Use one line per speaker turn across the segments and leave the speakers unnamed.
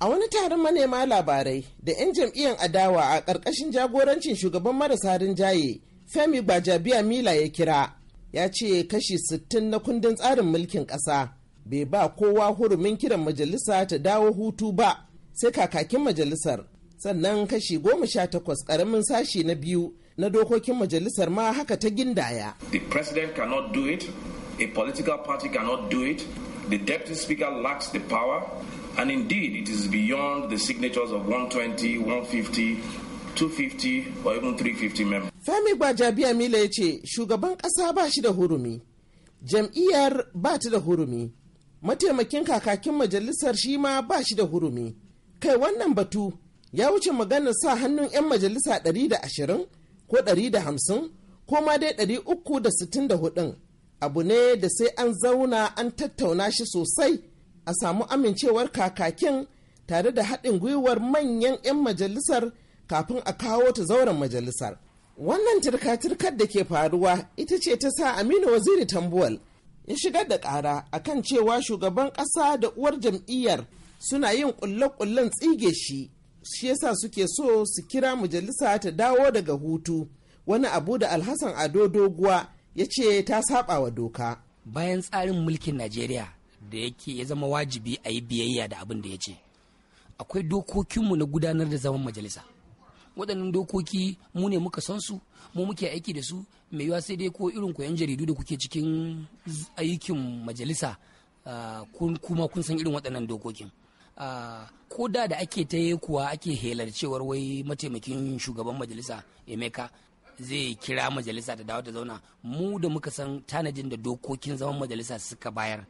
A wani taron manema labarai da 'yan jam'iyyar adawa a ƙarƙashin jagorancin shugaban marasa rinjaye Femi Gbajabiya Mila ya kira ya ce kashi 60 na kundin tsarin mulkin ƙasa bai ba kowa hurumin kiran majalisa ta dawo hutu ba sai kakakin majalisar sannan kashi goma sha takwas ƙaramin sashi na biyu na dokokin majalisar ma haka ta gindaya. The president cannot do it, a political party cannot do it, the deputy speaker lacks the power, And indeed, it is beyond the signatures of 120, 150, 250 or even 350 members. Femi ya ce shugaban ƙasa ba shi da hurumi, jam'iyyar ba ta da hurumi, mataimakin kakakin majalisar shi ma ba shi da hurumi. Kai wannan batu ya wuce maganar sa hannun 'yan majalisa 120 ko hamsin ko ma dai ɗari uku da da 364 abu ne da sai an zauna an tattauna shi sosai. a samu amincewar kakakin tare da haɗin gwiwar manyan 'yan majalisar kafin a kawo ta zauren majalisar wannan turka-turkar da ke faruwa ita ce ta sa aminu waziri tambuwal ya shigar da ƙara a kan cewa shugaban ƙasa da uwar jam'iyyar suna yin ƙulle-ƙullen tsige shi shi yasa suke so su kira majalisa ta dawo daga hutu wani abu da alhassan ado doguwa ya ce ta saba wa doka bayan tsarin mulkin najeriya
da yake ya zama wajibi a yi biyayya da abin da ya ce akwai dokokinmu na gudanar da zaman majalisa waɗannan dokoki mu ne muka san su mu muke aiki da su mai yiwa sai dai ko irin koyon jaridu da kuke cikin aikin majalisa kun kuma kun san irin waɗannan dokokin ko da da ake ta kuwa ake helar cewar wai mataimakin shugaban majalisa emeka zai kira majalisa ta dawo ta zauna mu da muka san tanajin da dokokin zaman majalisa suka bayar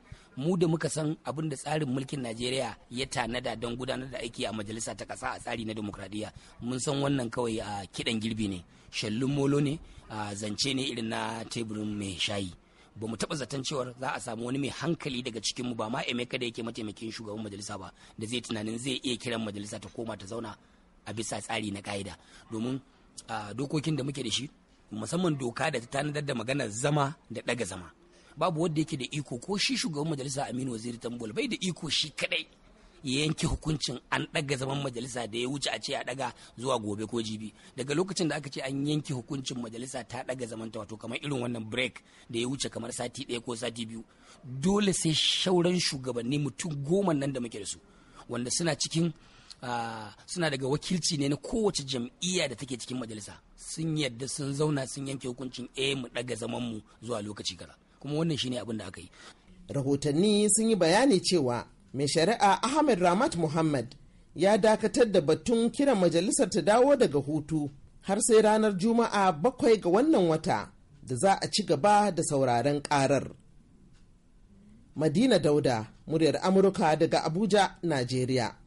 mu da muka san abin da tsarin mulkin najeriya ya tanada don gudanar da aiki a majalisa ta kasa a tsari na demokradiyya mun san wannan kawai a kidan girbi ne shallun molo ne a zance ne irin na teburin mai shayi ba mu taɓa zaton cewar za a samu wani mai hankali daga cikinmu ba ma emeka da yake mataimakin shugaban majalisa ba da zai tunanin zai iya kiran majalisa ta koma ta zauna a bisa tsari na ka'ida domin a dokokin da muke da shi musamman doka da ta tanadar da maganar zama da daga zama babu wanda yake da iko ko shi shugaban majalisa aminu waziri tambol bai da iko shi kadai ya yanke hukuncin an daga zaman majalisa da ya wuce a ce a daga zuwa gobe ko jibi daga lokacin da aka ce an yanke hukuncin majalisa ta daga zaman ta wato kamar irin wannan break da ya wuce kamar sati ɗaya ko sati biyu dole sai shauran shugabanni mutum goma nan da muke da su wanda suna cikin Ah, suna daga wakilci ne na kowace jam'iyya da take cikin majalisa sun yadda sun zauna sun yanke hukuncin A eh, mu daga zaman mu zuwa lokaci kaza kuma
wannan shine abin da aka yi rahotanni sun yi bayani cewa mai shari'a ahmed ramat muhammad ya dakatar da batun kiran majalisar ta dawo daga hutu har sai ranar juma'a bakwai ga wannan wata da za a ci gaba da sauraren karar madina dauda muryar amurka daga abuja najeriya